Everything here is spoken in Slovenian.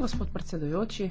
Gospod predsedujoči,